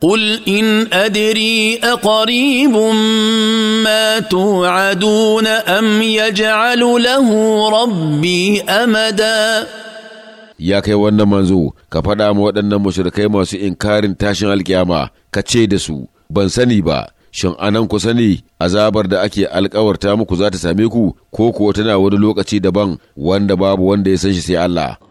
قل ان ادري اقريب ما توعدون ام يجعل له ربي امدا ya kai wannan manzo ka faɗa ma waɗannan mushrikai masu inkarin tashin alkiyama ka ce da su ban sani ba shin anan ku sani azabar da ake alkawarta muku za ta same ku ko kuwa tana wani lokaci daban wanda babu wanda ya san shi sai Allah